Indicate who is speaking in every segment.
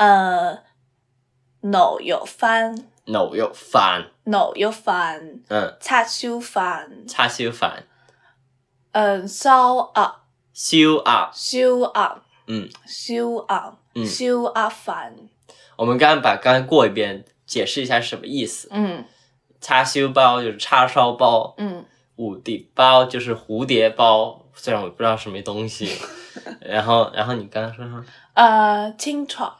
Speaker 1: 誒牛肉飯、
Speaker 2: 牛肉飯、
Speaker 1: 牛肉飯、嗯，叉燒飯，
Speaker 2: 叉燒飯，
Speaker 1: 嗯，燒鴨、燒鴨。嗯，燒鴨、
Speaker 2: 燒鴨、燒鴨、嗯，
Speaker 1: 燒鴨、嗯、燒鴨飯。
Speaker 2: 我們剛剛把剛剛過一遍，解釋一下什麼意思。嗯，叉燒包就是叉燒包。嗯，蝴蝶包就是蝴蝶包，雖然我不知道什麼東西。 然後然後你剛剛說咩？
Speaker 1: 呃，清炒。.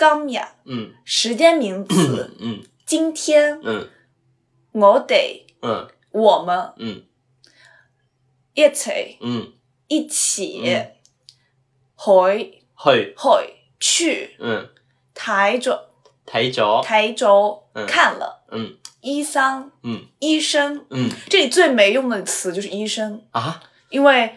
Speaker 1: 剛呀，嗯，時間名詞，嗯，今天，嗯，我哋，嗯，我們，嗯，一齊，嗯，一起，回，
Speaker 2: 回，
Speaker 1: 回，去，
Speaker 2: 嗯，睇咗，睇咗，
Speaker 1: 睇咗，嗯，看了，嗯，醫生，嗯，醫生，嗯，這裏最沒用的詞就是醫生啊，因為。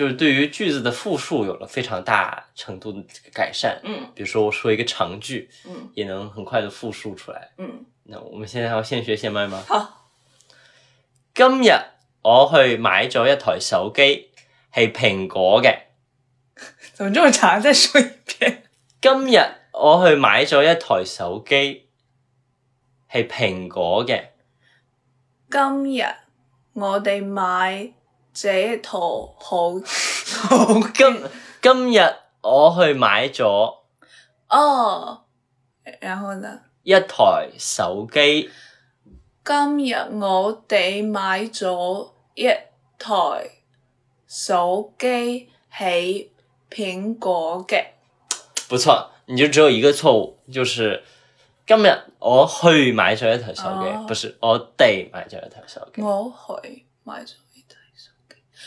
Speaker 2: 就是對於句子的復述有了非常大程度的改善，嗯，比如說我說一個長句，嗯，也能很快的復述出來，嗯，那我們現在我現學現賣嘛，好，今日我去買咗一台手機，係蘋果嘅，怎麼這麼長？再說一遍，今日我去買咗一台手機，係蘋果嘅，
Speaker 1: 今日我哋買。這一套好， 今
Speaker 2: 今日我去買咗
Speaker 1: 哦，然後呢？
Speaker 2: 一台手機。
Speaker 1: 今日我哋買咗一台手機，係蘋果嘅。
Speaker 2: 不錯，你就只有一個錯誤，就是今日我去買咗一台手機。哦，不是我哋買咗一台手機。
Speaker 1: 我去買咗。